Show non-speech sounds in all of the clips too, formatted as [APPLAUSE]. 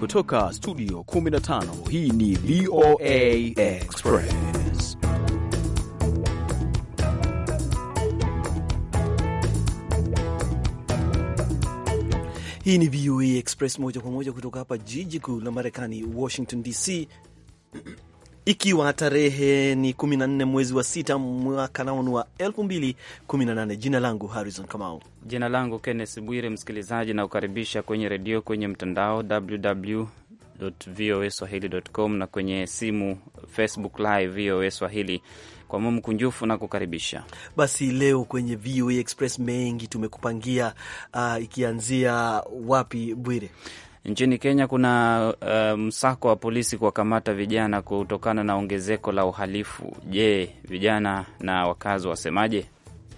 Kutoka studio 15 hii ni VOA Express. Hii ni VOA Express moja kwa moja kutoka hapa jiji kuu la Marekani, Washington DC ikiwa tarehe ni 14 mwezi wa sita mwaka naoni wa 2018. Jina langu Harrison Kamau. Jina langu Kenneth Bwire. Msikilizaji na kukaribisha kwenye redio, kwenye mtandao www voa na kwenye simu Facebook live VOA Swahili kwa moyo mkunjufu na kukaribisha. Basi leo kwenye VOA Express mengi tumekupangia. Uh, ikianzia wapi Bwire? Nchini Kenya kuna uh, msako wa polisi kuwakamata vijana kutokana na ongezeko la uhalifu. Je, vijana na wakazi wasemaje?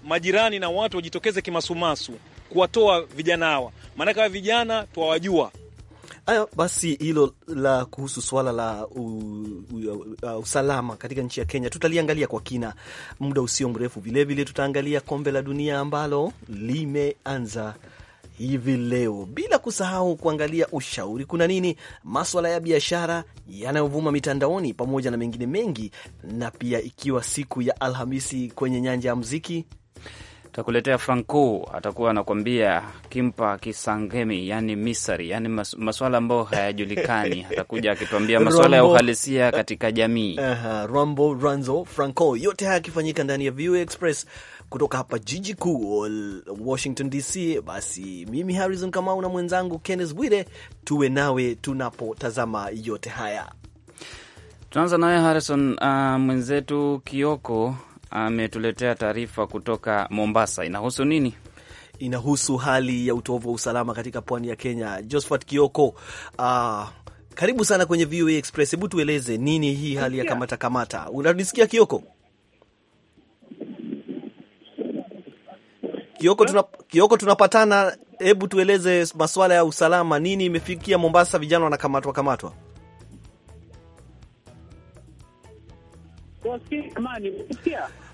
Majirani na watu wajitokeze kimasumasu kuwatoa vijana hawa, maanake hawa vijana twawajua. Hayo basi, hilo la kuhusu swala la u, u, u, usalama katika nchi ya Kenya tutaliangalia kwa kina muda usio mrefu. Vilevile tutaangalia kombe la dunia ambalo limeanza hivi leo, bila kusahau kuangalia ushauri kuna nini, maswala ya biashara yanayovuma mitandaoni, pamoja na mengine mengi, na pia ikiwa siku ya Alhamisi kwenye nyanja ya muziki takuletea Franco atakuwa anakuambia kimpa kisangemi, yani misari, yani maswala ambayo hayajulikani. [LAUGHS] Atakuja akituambia maswala ya uhalisia katika jamii. -huh, Rambo Ranzo Franco, yote haya yakifanyika ndani ya VOA Express kutoka hapa jiji kuu Washington DC. Basi mimi Harrison Kamau na mwenzangu Kenneth Bwire tuwe nawe tunapotazama yote haya. Tunaanza nawe Harrison. Uh, mwenzetu Kioko ametuletea uh, taarifa kutoka Mombasa. Inahusu nini? Inahusu hali ya utovu wa usalama katika pwani ya Kenya. Josephat Kioko, uh, karibu sana kwenye VOA e Express. Hebu tueleze nini hii hali ya kamata kamata, unanisikia Kioko? Kioko, tuna, Kioko tunapatana. Hebu tueleze masuala ya usalama, nini imefikia Mombasa, vijana wanakamatwa kamatwa?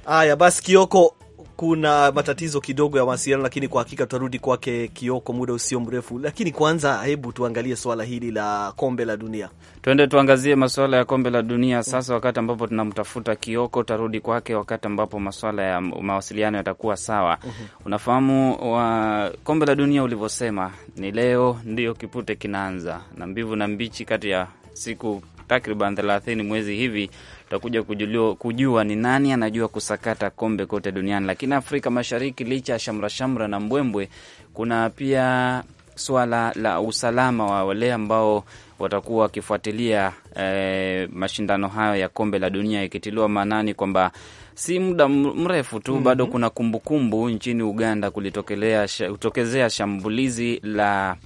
Haya basi, Kioko, kuna matatizo kidogo ya mawasiliano, lakini kwa hakika tutarudi kwake Kioko muda usio mrefu. Lakini kwanza, hebu tuangalie swala hili la kombe la dunia, tuende tuangazie masuala ya kombe la dunia sasa, wakati ambapo tunamtafuta Kioko. Tarudi kwake wakati ambapo maswala ya mawasiliano yatakuwa sawa. Mhm. Unafahamu wa kombe la dunia ulivyosema, ni leo ndio kipute kinaanza na mbivu na mbichi, kati ya siku takriban thelathini mwezi hivi tutakuja kujua, kujua ni nani anajua kusakata kombe kote duniani. Lakini Afrika Mashariki, licha ya shamrashamra na mbwembwe, kuna pia swala la usalama wa wale ambao watakuwa wakifuatilia eh, mashindano hayo ya kombe la dunia, ikitiliwa maanani kwamba si muda mrefu tu mm -hmm. bado kuna kumbukumbu kumbu, nchini Uganda kulitokezea shambulizi la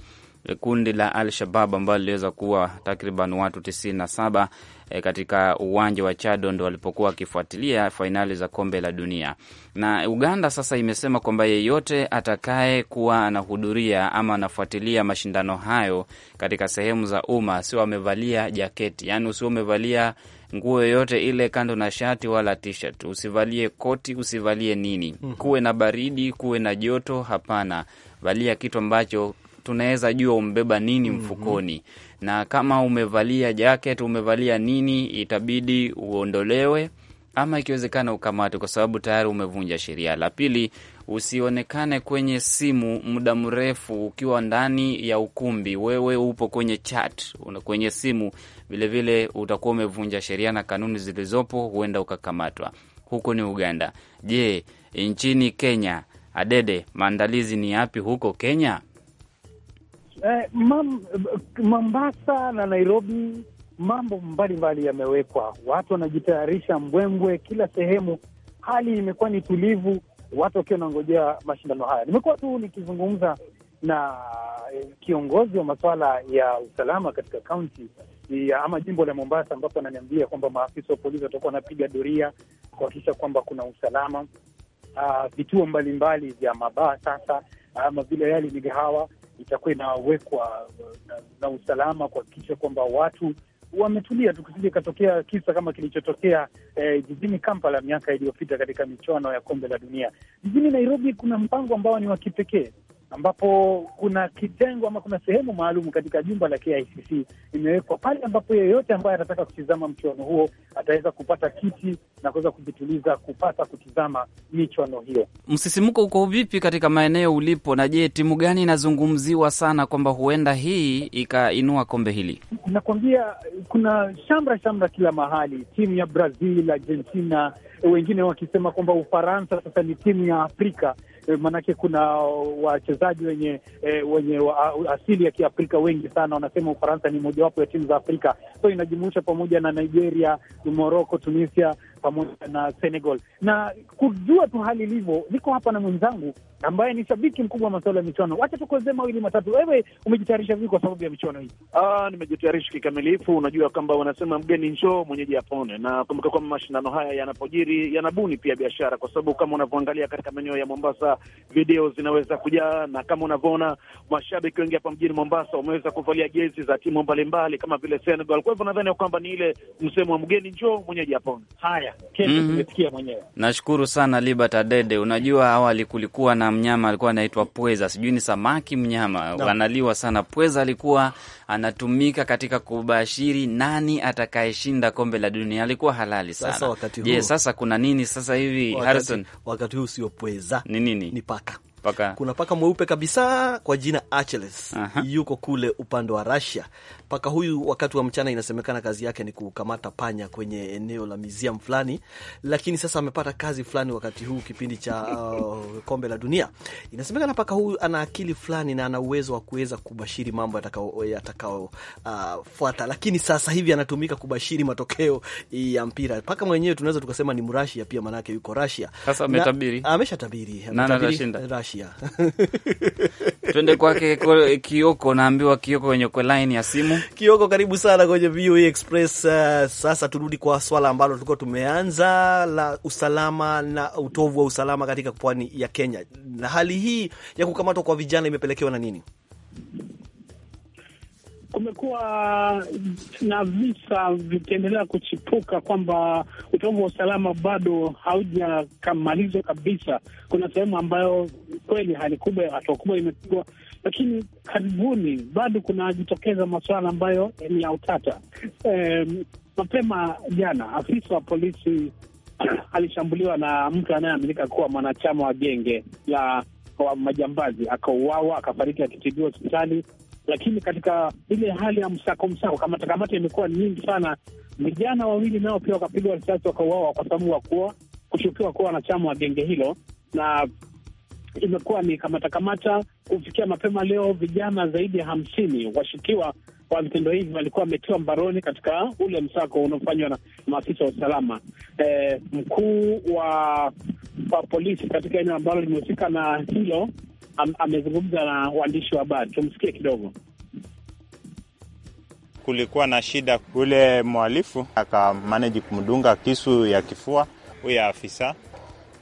kundi la Al Shabab ambalo liliweza kuwa takriban watu tisini na saba e, katika uwanja wa Chado ndo walipokuwa wakifuatilia fainali za kombe la dunia. Na Uganda sasa imesema kwamba yeyote atakaye kuwa anahudhuria ama anafuatilia mashindano hayo katika sehemu za umma, sio amevalia jaketi, yaani usio umevalia nguo yoyote ile kando na shati wala t-shirt, usivalie koti, usivalie nini, mhm. kuwe na baridi, kuwe na joto, hapana, valia kitu ambacho tunaweza jua umebeba nini mhm. mfukoni. mm -hmm. Na kama umevalia jacket, umevalia nini, itabidi uondolewe ama ikiwezekana ukamatwe, kwa sababu tayari umevunja sheria. La pili, usionekane kwenye simu muda mrefu ukiwa ndani ya ukumbi, wewe upo kwenye chat kwenye simu, vilevile utakuwa umevunja sheria na kanuni zilizopo, huenda ukakamatwa. Huko ni Uganda. Je, nchini Kenya, Adede, maandalizi ni yapi huko Kenya? eh, mam, Mombasa na Nairobi mambo mbalimbali yamewekwa, watu wanajitayarisha mbwembwe kila sehemu. Hali imekuwa ni tulivu, watu wakiwa wanangojea mashindano haya. Nimekuwa tu nikizungumza na eh, kiongozi wa masuala ya usalama katika kaunti ama jimbo la Mombasa, ambapo ananiambia kwamba maafisa wa polisi watakuwa wanapiga doria kuhakikisha kwamba kuna usalama. Uh, vituo mbalimbali vya mabaa sasa ama vile yali migahawa itakuwa inawekwa na, na usalama kuhakikisha kwamba watu wametulia tukusije ikatokea kisa kama kilichotokea eh, jijini Kampala miaka iliyopita katika michuano ya kombe la dunia. Jijini Nairobi kuna mpango ambao ni wa kipekee ambapo kuna kitengo ama kuna sehemu maalum katika jumba la KICC imewekwa pale, ambapo yeyote ambaye atataka kutizama mchuano huo ataweza kupata kiti na kuweza kujituliza kupata kutizama michuano hiyo. Msisimko uko vipi katika maeneo ulipo, na je, timu gani inazungumziwa sana kwamba huenda hii ikainua kombe hili? Nakwambia kuna shamra shamra kila mahali, timu ya Brazil, Argentina, wengine wakisema kwamba Ufaransa sasa ni timu ya Afrika Eh, maanake kuna wachezaji wenye eh, wenye wa, asili ya Kiafrika wengi sana. Wanasema Ufaransa ni mojawapo ya timu za Afrika, so inajumuisha pamoja na Nigeria, Moroko, Tunisia pamoja na Senegal. Na kujua tu hali ilivyo, niko hapa na mwenzangu ambaye ni shabiki mkubwa wa masuala ya michuano. Wacha tukuelezee mawili matatu. Wewe umejitayarisha vipi kwa sababu ya michuano hii? Ah, nimejitayarisha kikamilifu. Unajua kwamba wanasema mgeni njoo, mwenyeji apone, na kumbuka kwamba mashindano haya yanapojiri yanabuni pia biashara, kwa sababu kama unavyoangalia katika maeneo ya Mombasa video zinaweza kujaa, na kama unavyoona mashabiki wengi hapa mjini Mombasa wameweza kuvalia jezi za timu mbalimbali kama vile Senegal. Kwa hivyo nadhani ya kwamba ni ile msemo wa mgeni njoo, mwenyeji apone. Haya, kesho. mm -hmm. Tumesikia mwenyewe. Nashukuru sana Libert Adede. Unajua, awali kulikuwa na mnyama alikuwa anaitwa pweza, sijui ni samaki mnyama no. analiwa sana. Pweza alikuwa anatumika katika kubashiri nani atakayeshinda kombe la dunia, alikuwa halali sana. Sasa wakati huu, je, sasa kuna nini sasa hivi Harrison? Wakati huu sio pweza, ni nini? Ni paka paka. Kuna paka mweupe kabisa kwa jina Achilles. Aha. Yuko kule upande wa Russia. Paka huyu wakati wa mchana inasemekana kazi yake ni kukamata panya kwenye eneo la museum fulani, lakini sasa amepata kazi fulani wakati huu kipindi cha [LAUGHS] uh, kombe la dunia. Inasemekana paka huyu ana akili fulani na ana uwezo wa kuweza kubashiri mambo yatakao yatakao uh, fuata, lakini sasa hivi anatumika kubashiri matokeo ya mpira. Paka mwenyewe tunaweza tukasema ni Mrasia pia, manake yuko Russia. Sasa ametabiri. Ameshatabiri. Ameshatabiri. Asia. Tuende kwake Kioko, naambiwa Kioko kwenye kwa line ya simu. Kioko, karibu sana kwenye VOA e Express. Uh, sasa turudi kwa swala ambalo tulikuwa tumeanza la usalama na utovu wa usalama katika pwani ya Kenya, na hali hii ya kukamatwa kwa vijana imepelekewa na nini? kumekuwa na visa vikiendelea kuchipuka kwamba utovu wa usalama bado haujakamalizwa kabisa. Kuna sehemu ambayo kweli hali kubwa, hatua kubwa imepigwa, lakini karibuni bado kunajitokeza masuala ambayo ni ya utata. E, mapema jana afisa wa polisi [CLEARS THROAT] alishambuliwa na mtu anayeaminika kuwa mwanachama wa genge la wa majambazi, akauawa, akafariki akitibiwa hospitali lakini katika ile hali ya msako msako, kamata kamata imekuwa nyingi sana. Vijana wawili nao pia wakapigwa risasi wakauawa kwa sababu wakuwa kushukiwa kuwa wanachama wa genge hilo, na imekuwa ni kamata kamata. Kufikia mapema leo, vijana zaidi ya hamsini washukiwa wa vitendo hivi walikuwa wametiwa mbaroni katika ule msako unaofanywa na maafisa wa usalama. E, mkuu wa, wa polisi katika eneo ambalo limehusika na hilo amezungumza na waandishi wa habari. Tumsikie kidogo. Kulikuwa na shida, ule mwalifu akamanaji kumdunga kisu ya kifua huyo afisa.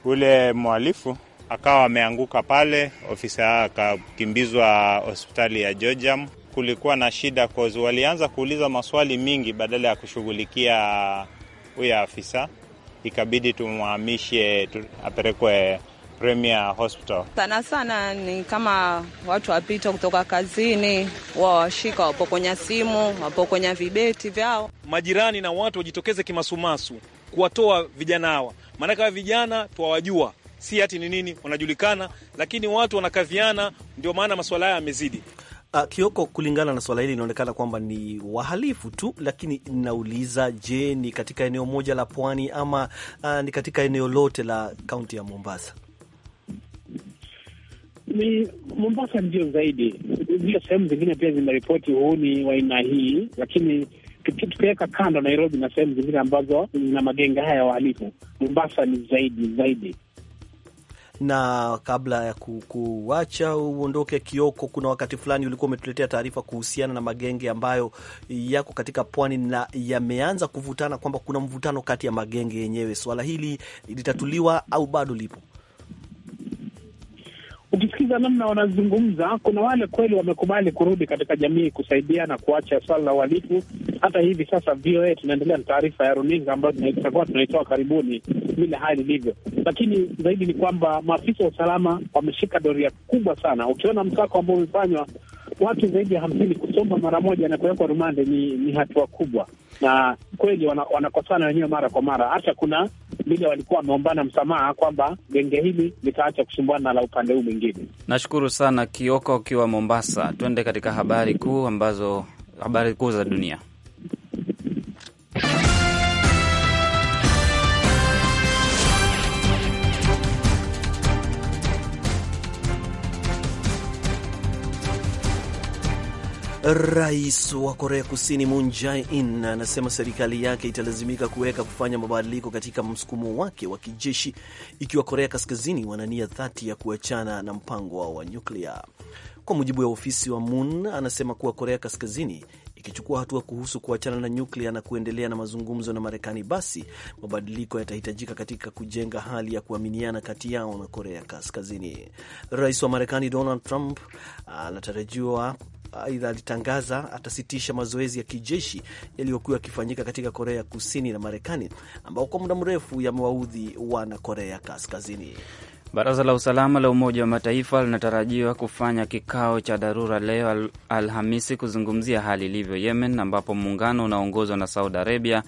Ule mwalifu akawa ameanguka pale, ofisa akakimbizwa hospitali ya Georgiam. Kulikuwa na shida kozi, walianza kuuliza maswali mingi badala ya kushughulikia huyo afisa, ikabidi tumhamishe apelekwe Premier Hospital. Sana sana ni kama watu wapita kutoka kazini, wao washika wapokonya simu, wapokonya vibeti vyao. Majirani na watu wajitokeze kimasumasu kuwatoa vijana hawa, maanake hawa vijana twawajua si hati ni nini, wanajulikana, lakini watu wanakaviana, ndio maana masuala haya yamezidi. Uh, Kioko, kulingana na swala hili inaonekana kwamba ni wahalifu tu, lakini nauliza, je, ni katika eneo moja la pwani ama uh, ni katika eneo lote la kaunti ya Mombasa? ni Mombasa ndio zaidi, ndio sehemu zingine pia zimeripoti uhuni wa aina hii, lakini tukiweka kando Nairobi na sehemu zingine ambazo zina magenge haya ya wahalifu, Mombasa ni zaidi zaidi. Na kabla ya kuacha uondoke, Kioko, kuna wakati fulani ulikuwa umetuletea taarifa kuhusiana na magenge ambayo yako katika pwani na yameanza kuvutana, kwamba kuna mvutano kati ya magenge yenyewe. Swala hili litatuliwa au bado lipo? ukisikiza namna wanazungumza, kuna wale kweli wamekubali kurudi katika jamii kusaidia na kuacha swala la uhalifu. Hata hivi sasa VOA tunaendelea na taarifa ya runinga ambayo tutakuwa tunaitoa karibuni vile hali ilivyo, lakini zaidi ni kwamba maafisa wa usalama wameshika doria kubwa sana. Ukiona msako ambao umefanywa watu zaidi ya hamsini kusoma mara moja na kuwekwa rumande, ni, ni hatua kubwa, na kweli wanakosana wana wenyewe mara kwa mara. Hata kuna vile walikuwa wameombana msamaha kwamba genge hili litaacha kusumbuana na la upande huu mwingine. Nashukuru sana Kioko ukiwa Mombasa. Tuende katika habari kuu ambazo habari kuu za dunia Rais wa Korea Kusini Moon Jae-in anasema serikali yake italazimika kuweka kufanya mabadiliko katika msukumo wake wa kijeshi ikiwa Korea Kaskazini wana nia dhati ya kuachana na mpango wao wa nyuklia. Kwa mujibu wa ofisi wa Moon, anasema kuwa Korea Kaskazini ikichukua hatua kuhusu kuachana na nyuklia na kuendelea na mazungumzo na Marekani, basi mabadiliko yatahitajika katika kujenga hali ya kuaminiana kati yao na Korea Kaskazini. Rais wa Marekani Donald Trump anatarajiwa aidha alitangaza atasitisha mazoezi ya kijeshi yaliyokuwa yakifanyika katika Korea Kusini na Marekani ambao kwa muda mrefu yamewaudhi wana Korea Kaskazini. Baraza la usalama la Umoja wa Mataifa linatarajiwa kufanya kikao cha dharura leo al Alhamisi kuzungumzia hali ilivyo Yemen, ambapo muungano unaoongozwa na Saudi Arabia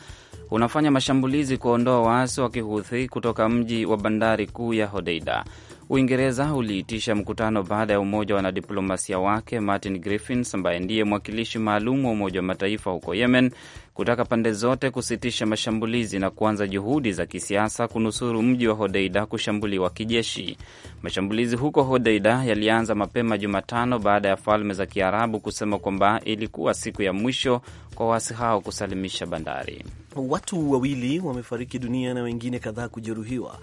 unafanya mashambulizi kuondoa waasi wa Kihuthi kutoka mji wa bandari kuu ya Hodeida. Uingereza uliitisha mkutano baada ya umoja wa wanadiplomasia wake Martin Griffiths ambaye ndiye mwakilishi maalum wa Umoja wa Mataifa huko Yemen kutaka pande zote kusitisha mashambulizi na kuanza juhudi za kisiasa kunusuru mji wa Hodeida kushambuliwa kijeshi. Mashambulizi huko Hodeida yalianza mapema Jumatano baada ya Falme za Kiarabu kusema kwamba ilikuwa siku ya mwisho kwa waasi hao kusalimisha bandari. Watu wawili wamefariki dunia na wengine kadhaa kujeruhiwa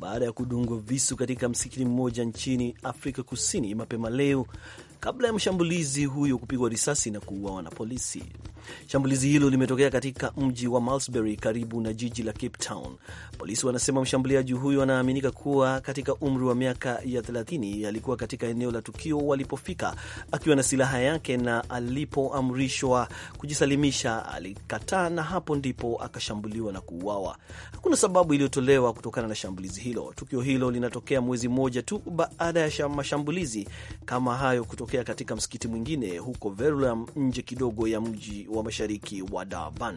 baada ya kudungwa visu katika msikiti mmoja nchini Afrika Kusini mapema leo kabla ya mshambulizi huyu kupigwa risasi na kuuawa na polisi. Shambulizi hilo limetokea katika mji wa Malmesbury karibu na jiji la Cape Town. Polisi wanasema mshambuliaji huyu anaaminika kuwa katika umri wa miaka ya 30. Alikuwa katika eneo la tukio walipofika akiwa na silaha yake, na alipoamrishwa kujisalimisha alikataa, na hapo ndipo akashambuliwa na kuuawa. Hakuna sababu iliyotolewa kutokana na shambulizi hilo. Tukio hilo linatokea mwezi mmoja tu baada ya mashambulizi kama hayo kutokea kutokea katika msikiti mwingine huko Verulam, nje kidogo ya mji wa mashariki wa Durban.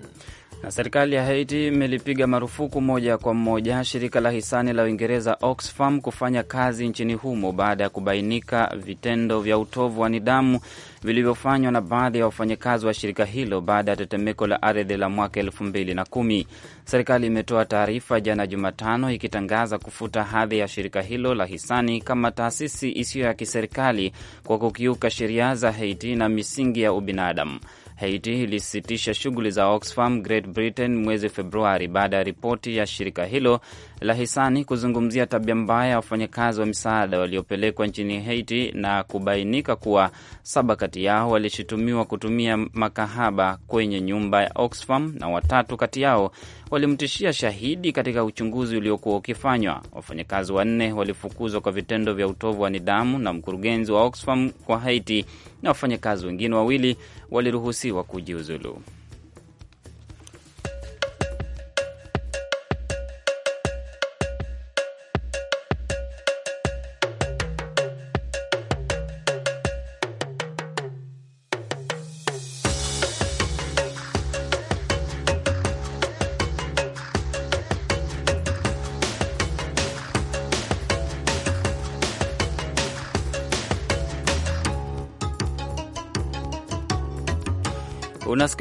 Na serikali ya Haiti imelipiga marufuku moja kwa moja shirika la hisani la Uingereza Oxfam kufanya kazi nchini humo baada ya kubainika vitendo vya utovu wa nidhamu vilivyofanywa na baadhi ya wafanyakazi wa shirika hilo baada ya tetemeko la ardhi la mwaka elfu mbili na kumi. Serikali imetoa taarifa jana Jumatano ikitangaza kufuta hadhi ya shirika hilo la hisani kama taasisi isiyo ya kiserikali kwa kukiuka sheria za Haiti na misingi ya ubinadamu. Haiti ilisitisha shughuli za Oxfam Great Britain mwezi Februari baada ya ripoti ya shirika hilo Lahisani kuzungumzia tabia mbaya ya wafanyakazi wa misaada waliopelekwa nchini Haiti na kubainika kuwa saba kati yao walishutumiwa kutumia makahaba kwenye nyumba ya Oxfam na watatu kati yao walimtishia shahidi katika uchunguzi uliokuwa ukifanywa. Wafanyakazi wanne walifukuzwa kwa vitendo vya utovu wa nidhamu na mkurugenzi wa Oxfam kwa Haiti, na wafanyakazi wengine wawili waliruhusiwa kujiuzulu.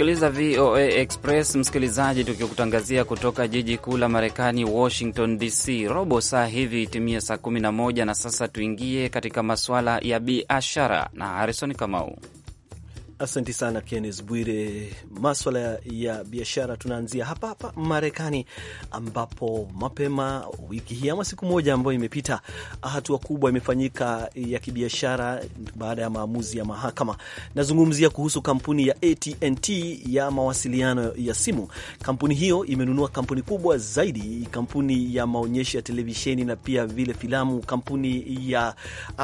unasikiliza VOA Express msikilizaji, tukikutangazia kutoka jiji kuu la Marekani, Washington DC. Robo saa hivi itimie saa 11 na sasa tuingie katika masuala ya biashara na Harrison Kamau asanti sana Kennes Bwire. Maswala ya biashara tunaanzia hapa hapa Marekani, ambapo mapema wiki hii ama siku moja ambayo imepita, hatua kubwa imefanyika ya kibiashara baada ya maamuzi ya mahakama. Nazungumzia kuhusu kampuni ya ATNT ya mawasiliano ya simu. Kampuni hiyo imenunua kampuni kubwa zaidi, kampuni ya maonyesho ya televisheni na pia vile filamu, kampuni ya,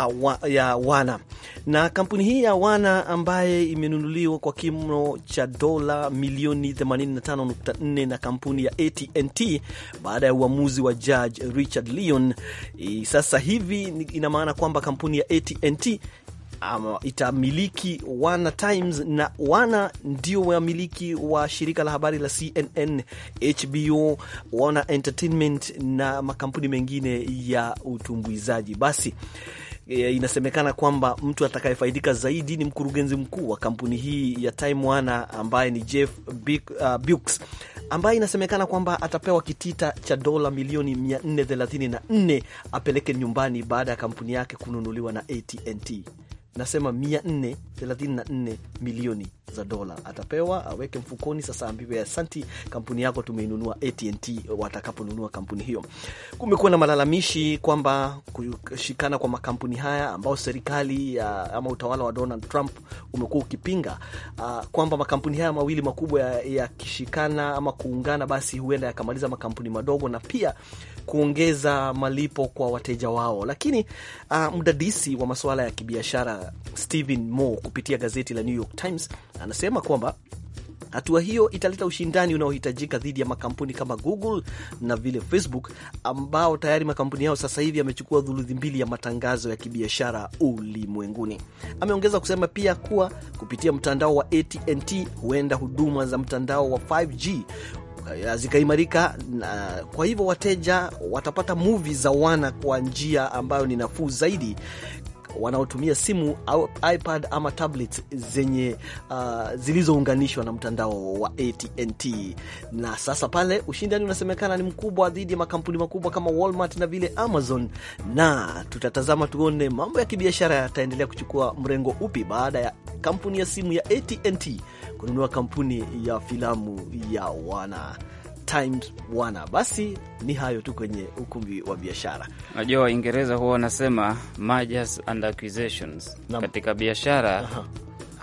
uh, ya, ya Wana na kampuni hii ya Wana ambaye imenunuliwa kwa kimo cha dola milioni 85.4 na kampuni ya AT&T baada ya uamuzi wa Judge Richard Leon. Sasa hivi ina maana kwamba kampuni ya AT&T itamiliki Wana Times na Wana ndio wamiliki wa shirika la habari la CNN, HBO, Wana Entertainment na makampuni mengine ya utumbuizaji. Basi e, inasemekana kwamba mtu atakayefaidika zaidi ni mkurugenzi mkuu wa kampuni hii ya Time Warner ambaye ni Jeff Bezos uh, ambaye inasemekana kwamba atapewa kitita cha dola milioni 434 apeleke nyumbani baada ya kampuni yake kununuliwa na AT&T nasema 434 milioni za dola atapewa aweke mfukoni. Sasa ambiwe asanti, kampuni yako tumeinunua. AT&T watakaponunua kampuni hiyo, kumekuwa na malalamishi kwamba kushikana kwa makampuni haya ambao serikali ya, ama utawala wa Donald Trump umekuwa ukipinga uh, kwamba makampuni haya mawili makubwa yakishikana ya ama kuungana, basi huenda yakamaliza makampuni madogo na pia kuongeza malipo kwa wateja wao. Lakini uh, mdadisi wa masuala ya kibiashara Stephen Moore kupitia gazeti la New York Times anasema kwamba hatua hiyo italeta ushindani unaohitajika dhidi ya makampuni kama Google na vile Facebook, ambao tayari makampuni yao sasa hivi yamechukua dhuluthi mbili ya matangazo ya kibiashara ulimwenguni. Ameongeza kusema pia kuwa kupitia mtandao wa AT&T huenda huduma za mtandao wa 5G Eh, zikaimarika, na kwa hivyo wateja watapata muvi za wana kwa njia ambayo ni nafuu zaidi wanaotumia simu au iPad ama tablet zenye uh, zilizounganishwa na mtandao wa AT&T. Na sasa pale ushindani unasemekana ni mkubwa dhidi ya makampuni makubwa kama Walmart na vile Amazon, na tutatazama tuone mambo ya kibiashara yataendelea kuchukua mrengo upi baada ya kampuni ya simu ya AT&T kununua kampuni ya filamu ya Wana Times Wana. Basi ni hayo tu kwenye ukumbi wa biashara. najua Waingereza huwa wanasema mergers and acquisitions katika biashara.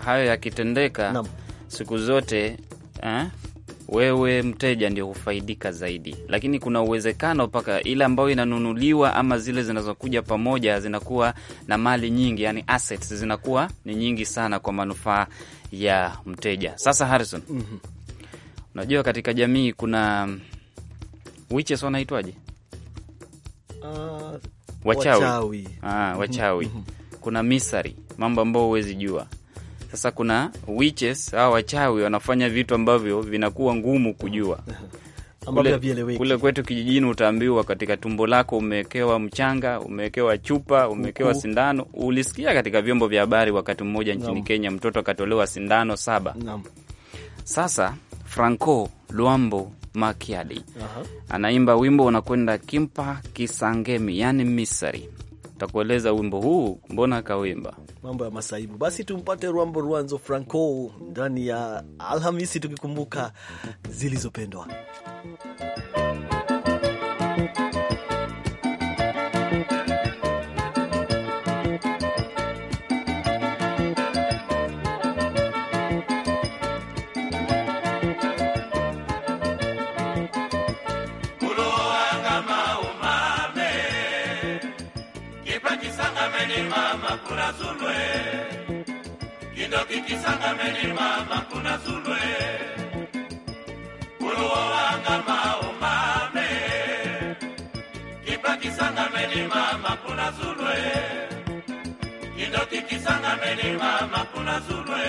Hayo yakitendeka siku zote eh? wewe mteja ndio hufaidika zaidi, lakini kuna uwezekano mpaka ile ambayo inanunuliwa ama zile zinazokuja pamoja zinakuwa na mali nyingi, yani assets zinakuwa ni nyingi sana kwa manufaa ya mteja. Sasa Harrison, mm -hmm. unajua katika jamii kuna witches wanaitwaje? Uh, wachawi, wachawi. Ah, wachawi. Mm -hmm. kuna misari, mambo ambayo huwezi jua sasa kuna witches au wachawi wanafanya vitu ambavyo vinakuwa ngumu kujua [LAUGHS] kule, kule kwetu kijijini utaambiwa katika tumbo lako umewekewa mchanga, umewekewa chupa, umewekewa sindano. Ulisikia katika vyombo vya habari wakati mmoja nchini Kenya mtoto akatolewa sindano saba Sasa Franco Luambo Makiadi anaimba wimbo unakwenda kimpa kisangemi, yani misari takueleza wimbo huu mbona kawimba mambo ya masaibu. Basi tumpate Rwambo Rwanzo Franco ndani ya Alhamisi, tukikumbuka zilizopendwa mama okikisanga melema makuna zulwe kulowanga maumame kipakisanga melema makuna zulwe indokikisanga melema makuna zulwe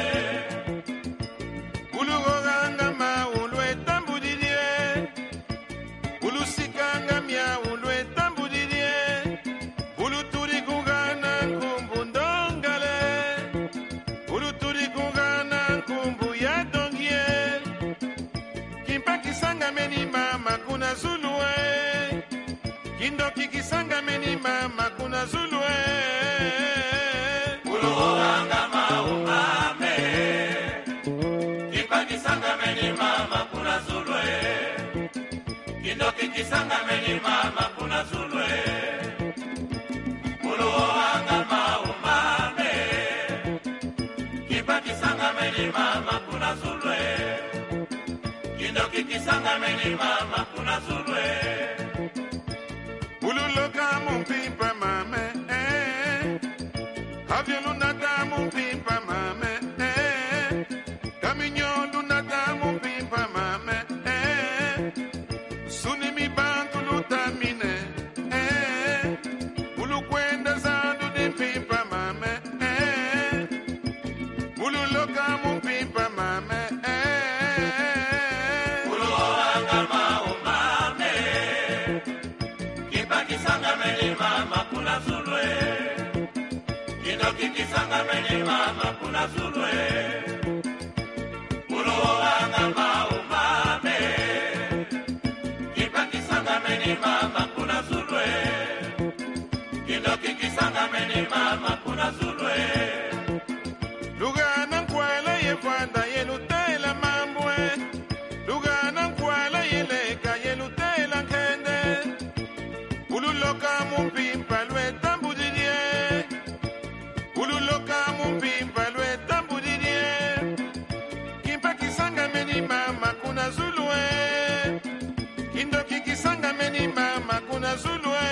Angalieni mama, kuna zulwe kulohoranga sanga meni mama, kuna zulwe kindokikisangameni mama, kuna zulwe kulohoranga sanga meni mama, kuna zulwe meni mama, kuna zulwe tiene una tikisanga mene mama kuna sulwe mulowanga maumame kipakisanga mama mama mama, kuna zulwe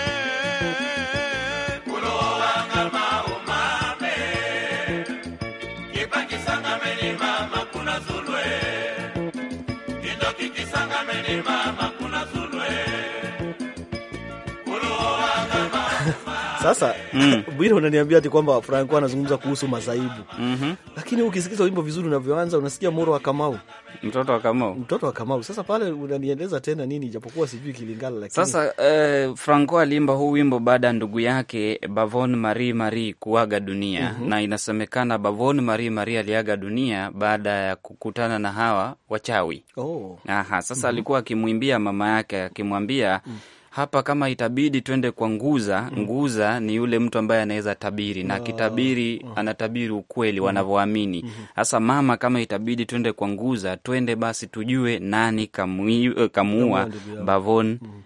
Sasa mm. [LAUGHS] Bwire, unaniambia ati kwamba Franco anazungumza kuhusu mazaibu mm -hmm. Lakini ukisikiza wimbo vizuri unavyoanza unasikia moro wa Kamau mtoto wa Kamau, mtoto wa Kamau. Sasa pale unanieleza tena nini, japokuwa sijui Kilingala lakini sasa eh, Franco aliimba huu wimbo baada ya ndugu yake Bavon Marie Marie kuaga dunia mm -hmm. na inasemekana Bavon Marie Marie aliaga dunia baada ya kukutana na hawa wachawi oh. Aha, sasa mm -hmm. alikuwa akimwimbia mama yake akimwambia mm -hmm hapa kama itabidi twende kwa nguza mm. Nguza ni yule mtu ambaye anaweza tabiri na akitabiri uh, ah, ah. anatabiri ukweli mm-hmm. wanavyoamini mm-hmm. hasa. mm -hmm. Mama, kama itabidi twende kwa nguza, twende basi tujue nani kamuua eh, Bavon mm mm-hmm.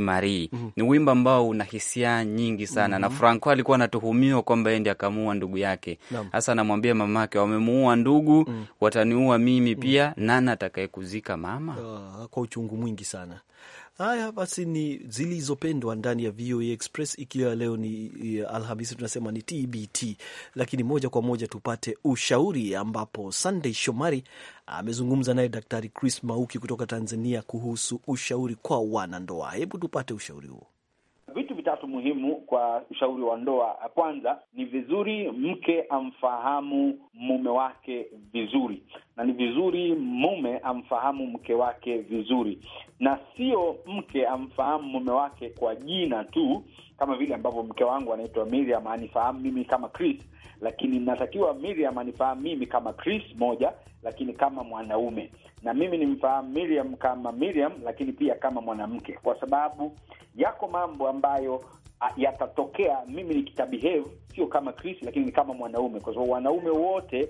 Mari. mm -hmm. Ni wimbo ambao una hisia nyingi sana mm -hmm. na Franco alikuwa anatuhumiwa kwamba yeye ndiye akamuua ndugu yake hasa. Anamwambia mamake, wamemuua ndugu mm wataniua mimi mm. pia mm -hmm. nani atakayekuzika mama? Uh, kwa uchungu mwingi sana Haya basi, ni zilizopendwa ndani ya VOA Express, ikiwa leo ni Alhamisi, tunasema ni TBT, lakini moja kwa moja tupate ushauri, ambapo Sunday Shomari amezungumza naye Daktari Chris Mauki kutoka Tanzania kuhusu ushauri kwa wanandoa. Hebu tupate ushauri huo vitatu muhimu kwa ushauri wa ndoa. Kwanza, ni vizuri mke amfahamu mume wake vizuri, na ni vizuri mume amfahamu mke wake vizuri, na sio mke amfahamu mume wake kwa jina tu, kama vile ambavyo mke wangu anaitwa Miriam anifahamu mimi kama Chris, lakini natakiwa Miriam anifahamu mimi kama Chris moja, lakini kama mwanaume, na mimi nimfahamu Miriam kama Miriam, lakini pia kama mwanamke, kwa sababu yako mambo ambayo yatatokea mimi nikitabehave sio kama Chris lakini ni kama mwanaume, kwa sababu wanaume wote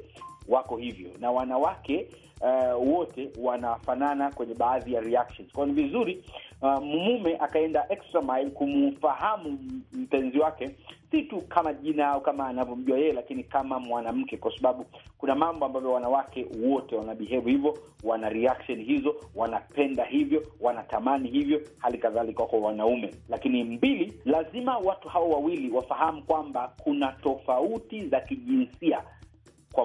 wako hivyo, na wanawake uh, wote wanafanana kwenye baadhi ya reactions. Kwa ni vizuri uh, mume akaenda extra mile kumfahamu mpenzi wake, si tu kama jina au kama anavyomjua yeye, lakini kama mwanamke, kwa sababu kuna mambo ambavyo wanawake wote wana behave hivyo, wana reaction hizo, wanapenda hivyo, wanatamani hivyo, hali kadhalika kwa wanaume. Lakini mbili, lazima watu hao wawili wafahamu kwamba kuna tofauti za kijinsia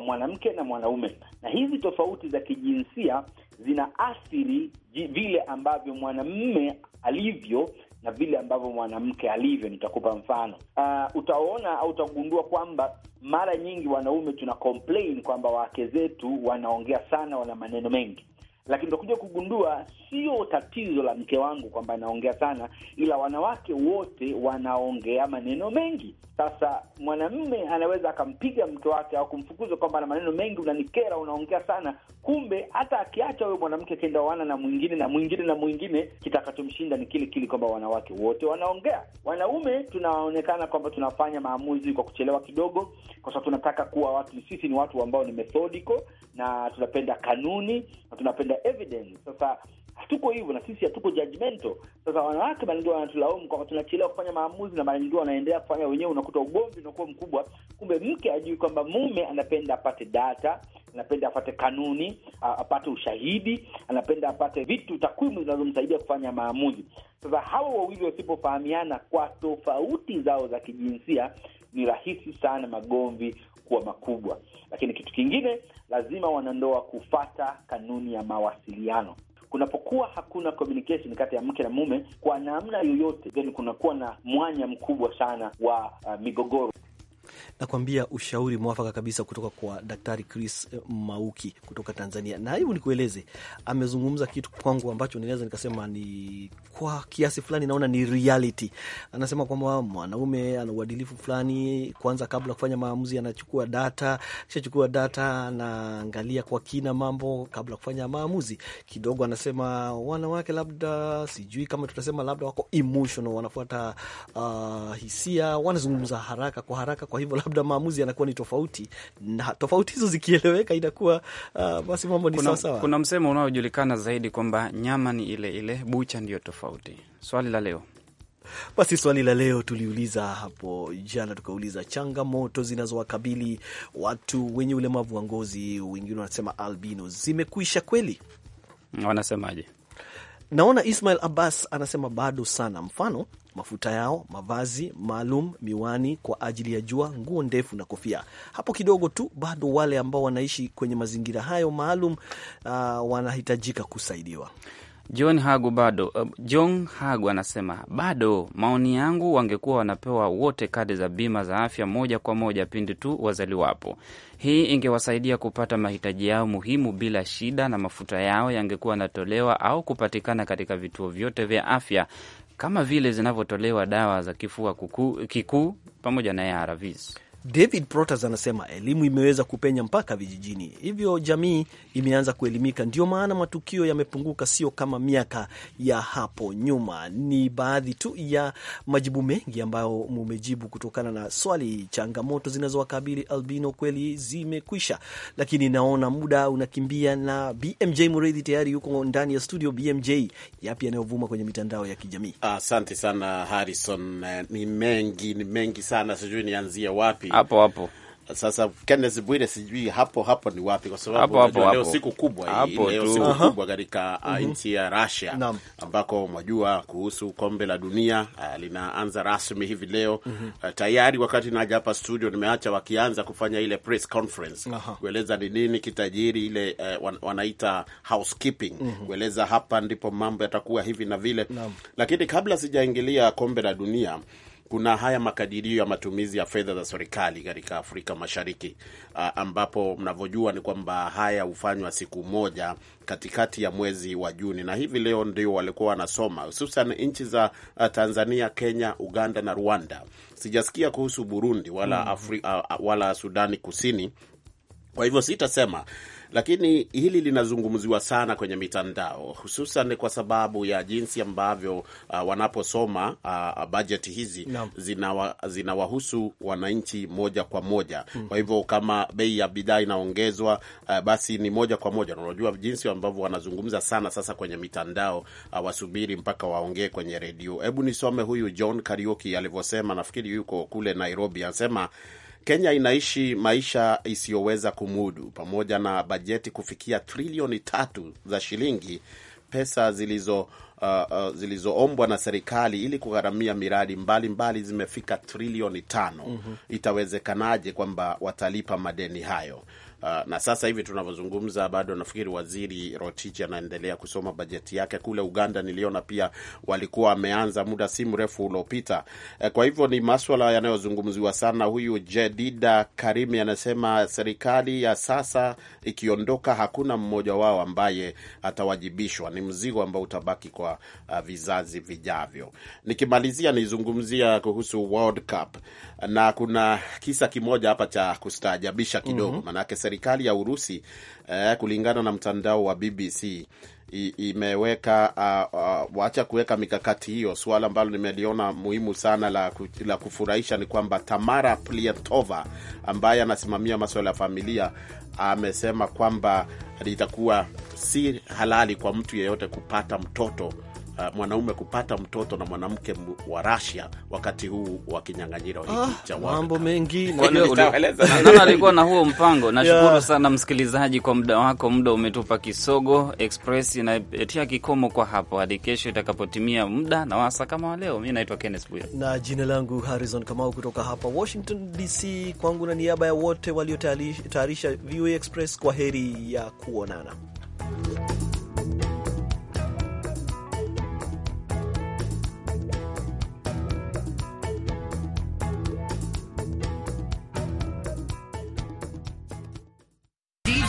mwanamke na mwanaume, na hizi tofauti za kijinsia zina athiri vile ambavyo mwanamume alivyo na vile ambavyo mwanamke alivyo. Nitakupa mfano. Uh, utaona au utagundua kwamba mara nyingi wanaume tuna complain kwamba wake zetu wanaongea sana, wana maneno mengi, lakini utakuja kugundua sio tatizo la mke wangu kwamba anaongea sana, ila wanawake wote wanaongea maneno mengi. Sasa mwanamme anaweza akampiga mke wake au kumfukuza kwamba ana maneno mengi, unanikera, unaongea sana. Kumbe hata akiacha huyo mwanamke akienda wana na mwingine na mwingine na mwingine, kitakachomshinda ni kile kile, kwamba wanawake wote wanaongea. Wanaume tunaonekana kwamba tunafanya maamuzi kwa kuchelewa kidogo, kwa sababu tunataka kuwa watu, sisi ni watu ambao ni methodical na tunapenda kanuni na tunapenda the evidence. Sasa hatuko hivyo na sisi hatuko judgmental. Sasa wanawake mara nyingi wanatulaumu kwamba tunachelewa kufanya maamuzi, na mara nyingi wanaendelea kufanya wenyewe, unakuta ugomvi unakuwa mkubwa. Kumbe mke ajui kwamba mume anapenda apate data, anapenda apate kanuni, apate ushahidi, anapenda apate vitu, takwimu zinazomsaidia kufanya maamuzi. Sasa hawa wawili wasipofahamiana kwa tofauti zao za kijinsia, ni rahisi sana magomvi kuwa makubwa. Lakini kitu kingine, lazima wanandoa kufata kanuni ya mawasiliano. Kunapokuwa hakuna communication kati ya mke na mume kwa namna yoyote, then kunakuwa na mwanya mkubwa sana wa uh, migogoro nakwambia ushauri mwafaka kabisa kutoka kwa Daktari Chris eh, Mauki kutoka Tanzania. Na hebu nikueleze, amezungumza kitu kwangu ambacho ninaweza nikasema ni kwa kiasi fulani naona ni reality. Anasema kwamba mwanaume ana uadilifu fulani, kwanza kabla ya kufanya maamuzi anachukua data, kishachukua data anaangalia kwa kina mambo kabla ya kufanya maamuzi. Kidogo anasema wanawake labda sijui kama tutasema labda wako emotional, wanafuata uh, hisia, wanazungumza haraka kwa haraka, kwa hivyo labda maamuzi yanakuwa ni tofauti, na tofauti hizo zikieleweka inakuwa uh, basi mambo ni sawasawa. Kuna msemo unaojulikana zaidi kwamba nyama ni ile ile, bucha ndiyo tofauti. Swali la leo basi swali la leo tuliuliza hapo jana, tukauliza changamoto zinazowakabili watu wenye ulemavu wa ngozi, wengine wanasema albino, zimekuisha kweli? Wanasemaje? Naona Ismail Abbas anasema bado sana. Mfano, mafuta yao, mavazi maalum, miwani kwa ajili ya jua, nguo ndefu na kofia. Hapo kidogo tu bado wale ambao wanaishi kwenye mazingira hayo maalum uh, wanahitajika kusaidiwa. John Hagu bado uh, John Hagu anasema bado, maoni yangu wangekuwa wanapewa wote kadi za bima za afya moja kwa moja pindi tu wazaliwapo. Hii ingewasaidia kupata mahitaji yao muhimu bila shida, na mafuta yao yangekuwa yanatolewa au kupatikana katika vituo vyote vya afya kama vile zinavyotolewa dawa za kifua kikuu pamoja na ARVs. David Protas anasema elimu imeweza kupenya mpaka vijijini, hivyo jamii imeanza kuelimika, ndio maana matukio yamepunguka, sio kama miaka ya hapo nyuma. Ni baadhi tu ya majibu mengi ambayo mumejibu kutokana na swali. Changamoto zinazowakabili albino kweli zimekwisha, lakini naona muda unakimbia na BMJ Mureithi tayari yuko ndani ya studio. BMJ, yapi yanayovuma kwenye mitandao ya kijamii? Asante sana Harrison, eh, ni mengi, ni mengi sana, sijui nianzie wapi hapo hapo. Sasa Kenneth Bwire, sijui hapo hapo ni wapi, kwa sababu leo siku kubwa hii, leo siku kubwa katika uh -huh. Mhm. nchi ya Russia Nam. ambako mwajua kuhusu kombe la dunia uh, linaanza rasmi hivi leo uh mhm. -huh. uh, tayari wakati naja hapa studio nimeacha wakianza kufanya ile press conference uh -huh. kueleza ni nini kitajiri ile uh, wanaita housekeeping mhm. uh -huh. hapa ndipo mambo yatakuwa hivi na vile Nam. lakini kabla sijaingilia kombe la dunia kuna haya makadirio ya matumizi ya fedha za serikali katika Afrika Mashariki a, ah, ambapo mnavyojua ni kwamba haya hufanywa siku moja katikati ya mwezi wa Juni, na hivi leo ndio walikuwa wanasoma hususan nchi za ah, Tanzania, Kenya, Uganda na Rwanda. Sijasikia kuhusu Burundi wala, hmm. Afri, a, ah, wala Sudani Kusini, kwa hivyo sitasema lakini hili linazungumziwa sana kwenye mitandao, hususan kwa sababu ya jinsi ambavyo uh, wanaposoma uh, bajeti hizi no. zinawahusu zina wananchi moja kwa moja hmm. Kwa hivyo kama bei ya bidhaa inaongezwa, uh, basi ni moja kwa moja. Unajua jinsi ambavyo wanazungumza sana sasa kwenye mitandao uh, wasubiri mpaka waongee kwenye redio. Hebu nisome huyu John Karioki alivyosema, nafikiri yuko kule Nairobi, anasema Kenya inaishi maisha isiyoweza kumudu. Pamoja na bajeti kufikia trilioni tatu za shilingi, pesa zilizo Uh, uh, zilizoombwa na serikali ili kugharamia miradi mbalimbali mbali zimefika trilioni tano. Mm -hmm. Itawezekanaje kwamba watalipa madeni hayo? Uh, na sasa hivi tunavyozungumza, bado nafikiri waziri Rotich anaendelea kusoma bajeti yake. Kule Uganda niliona pia walikuwa wameanza muda si mrefu uliopita. Uh, kwa hivyo ni maswala yanayozungumziwa sana. Huyu Jedida Karimi anasema serikali ya sasa ikiondoka, hakuna mmoja wao ambaye atawajibishwa. Ni mzigo ambao utabaki kwa uh, vizazi vijavyo. Nikimalizia nizungumzia kuhusu World Cup, na kuna kisa kimoja hapa cha kustaajabisha kidogo, mm-hmm. maanake mm -hmm serikali ya Urusi eh, kulingana na mtandao wa BBC I, imeweka uh, uh, wacha kuweka mikakati hiyo. Suala ambalo nimeliona muhimu sana la, la kufurahisha ni kwamba Tamara Pliatova ambaye anasimamia masuala ya familia amesema kwamba litakuwa si halali kwa mtu yeyote kupata mtoto uh, mwanaume kupata mtoto na mwanamke wa Russia wakati huu wa kinyang'anyiro hiki oh, cha mambo mengi naona alikuwa na huo mpango. Nashukuru yeah, sana msikilizaji kwa muda wako. Muda umetupa kisogo. Express inatia kikomo kwa hapo hadi kesho itakapotimia muda na wasa kama wa leo. Mi naitwa Kenneth Bwire na jina langu Harrison Kamau kutoka hapa Washington DC, kwangu na niaba ya wote waliotayarisha VOA Express, kwa heri ya kuonana.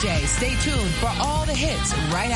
DJ. Stay tuned for all the hits right after.